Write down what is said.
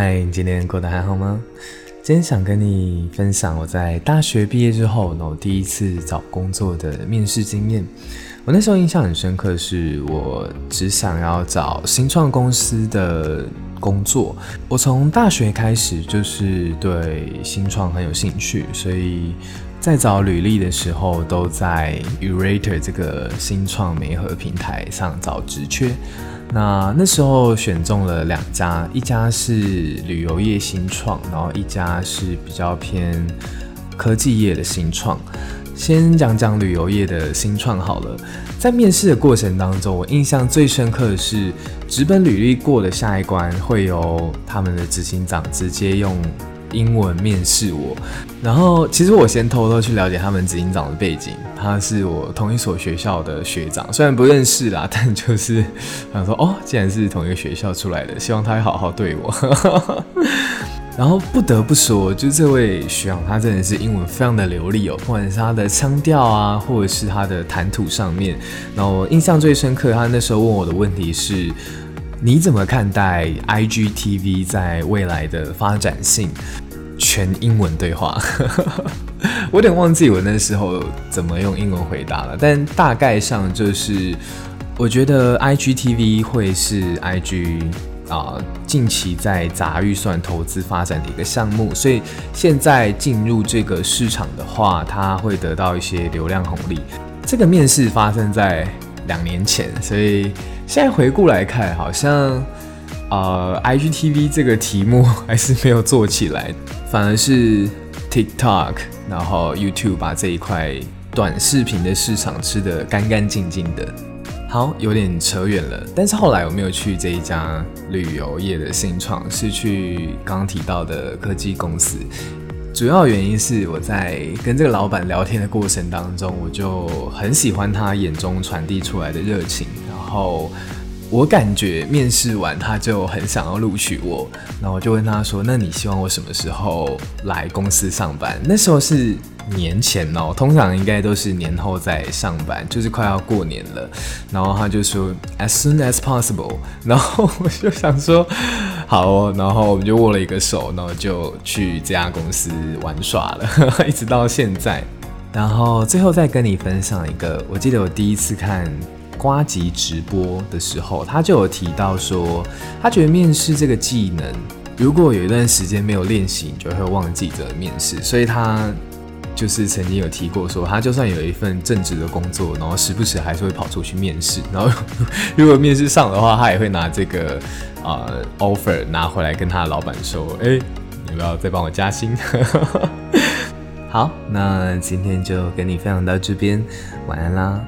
嗨，Hi, 你今天過得還好嗎？今天想跟你分享我在大學畢業之後呢，我第一次找工作的面試經驗。我那時候印象很深刻，是我只想要找新創公司的工作。我從大學開始就是對新創很有興趣，所以。在找履歷的時候，都在 Yourator 這個新創媒合平台上找職缺。那那時候選中了兩家，一家是旅遊業新創，然後一家是比較偏科技業的新創。先講講旅遊業的新創好了。在面試的過程當中，我印象最深刻的是，紙本履歷過了，下一關會由他們的執行長直接用。英文面試我，然後其實我先偷偷去了解他們執行長的背景，他是我同一所學校的學長，雖然不認識啦，但就是想說哦，既然是同一個學校出來的，希望他會好好對我。 然後不得不說，就這位學長，他真的是英文非常的流利哦，不管是他的腔調啊，或者是他的談吐上面，那我印象最深刻，他那時候問我的問題是。你怎麼看待 IGTV 在未來的發展性？全英文對話， 我有點忘記我那時候怎麼用英文回答了，但大概上就是，我覺得 IGTV 會是 IG 啊近期在砸預算投資發展的一個項目，所以現在進入這個市場的話，它會得到一些流量紅利。這個面試發生在。兩年前，所以現在回顧來看，好像呃，IGTV 這個題目還是沒有做起來，反而是 TikTok，然後 YouTube 把這一塊短視頻的市場吃得乾乾淨淨的。好，有點扯遠了，但是後來我沒有去這一家旅遊業的新創，是去剛剛提到的科技公司。主要原因是我在跟這個老板聊天的過程當中，我就很喜歡他眼中傳遞出來的熱情，然後我感覺面試完他就很想要錄取我，然後我就問他說：“那你希望我什麼時候來公司上班？”那時候是年前哦，通常應該都是年後再上班，就是快要過年了。然後他就說：“As soon as possible。”然後我就想說。好哦，然後我們就握了一個手，然後就去這家公司玩耍了，一直到現在。然後最後再跟你分享一個，我記得我第一次看呱吉直播的時候，他就有提到說，他覺得面試這個技能，如果有一段時間沒有練習，你就會忘記這面試，所以他。就是曾經有提過說，他就算有一份正職的工作，然後時不時還是會跑出去面試。然後如果面試上的話，他也會拿這個啊、呃、offer 拿回來跟他的老闆說：“哎，你要不要再幫我加薪？” 好，那今天就跟你分享到這邊，晚安啦。